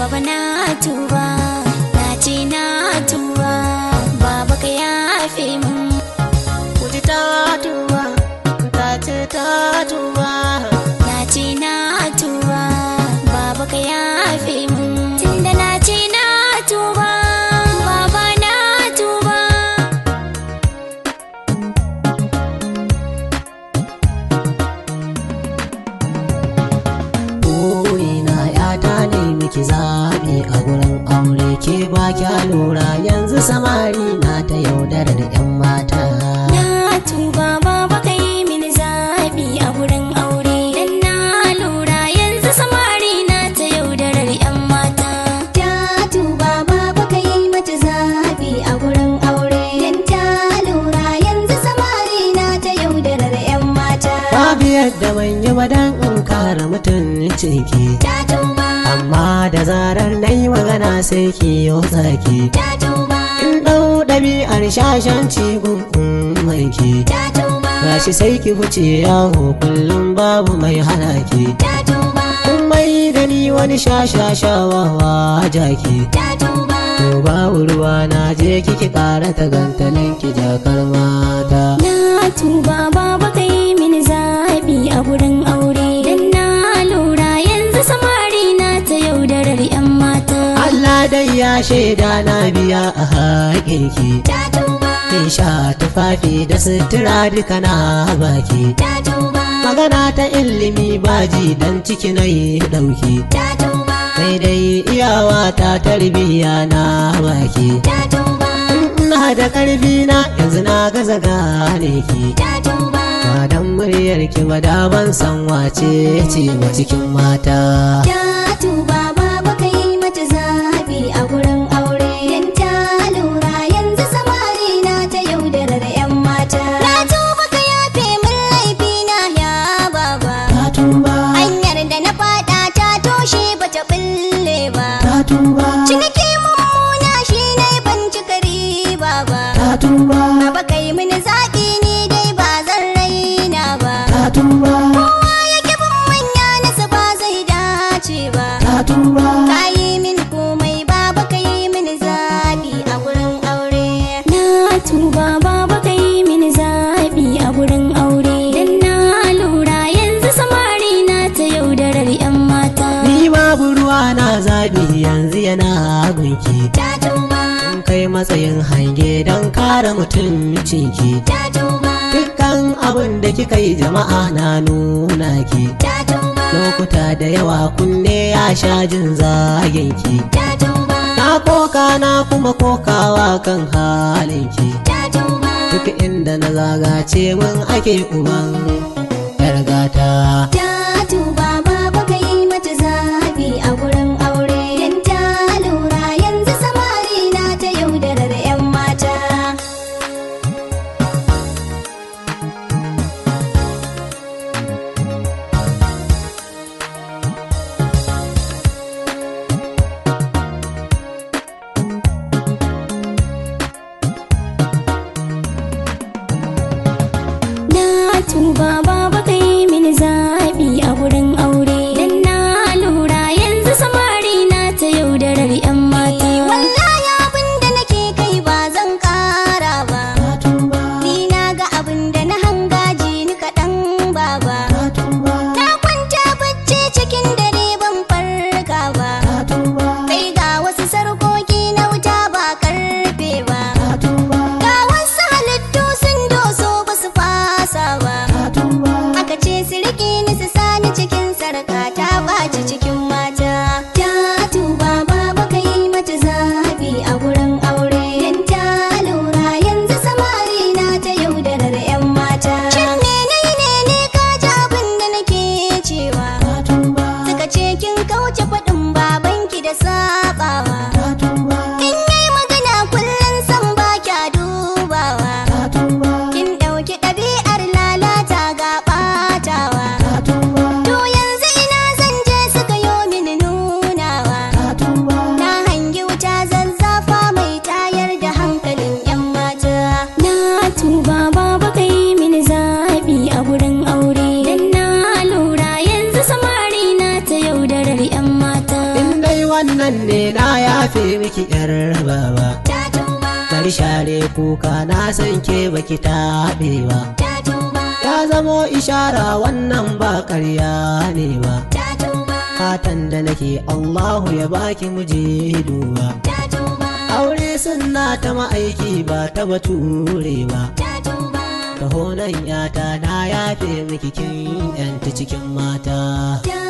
baba na tuba na ce na tuba baba ka yafe min wuce ta tuba ta ce ta tuba kya lura yanzu samari na ta yaudarar 'yan mata na tuba baba ka yi mini zabi a wurin aure dan na lura yanzu samari na ta yaudarar 'yan mata ta tuba baba ka yi mata zabi a wurin aure dan ta lura yanzu samari na ta yaudarar 'yan mata babu yadda ban yi wadan in kara mutum ciki zarar na yi magana sai ki yo zaki ta in dau ɗabi'ar shashanci gungun maiki ta gashi sai ki wuce yawo kullum babu mai hana ke. kun mai da ni wani shashashawa jaki ta to babu ruwa na je kiki ƙara ta ki jakar mata na tuba babu shaida na biya a haƙinki kin sha tufafi da sutura duka na baki magana ta ilimi baji dan ciki na yi ɗauki sai dai iyawa ta tarbiya na baki ina da ƙarfi na yanzu na gaza gane ki ba dan muryar ki san wace ce ba cikin mata ta tuba baba kai mini zaki ni dai ba zan raina ba ta tuba kowa ki bin manya su ba zai dace ba ta tuba ka yi komai baba ka yi mini zabi a gurin aure na tuba baba ka yi mini zabi a gurin aure dan na lura yanzu samari na ta yaudarar yan mata ni babu ruwa na zabi yanzu yana gunki ta tuba kai matsayin hange don kare mutum ki dukkan abin da kika yi jama'a na nuna ki lokuta da yawa kunne ya sha jin zagin ki na koka na kuma kokawa kan halin ki duk inda na zagace mun ake uban yargata 无法忘。samba fi miki yar rabawa bari share kuka na san ke baki taɓe ba ya zamo ishara wannan ba karya ne ba fatan da nake Allahu ya baki muje duba aure sunna ta ma'aiki ba ta bature ba Tahonan honan yata na yafe miki kin yanta cikin mata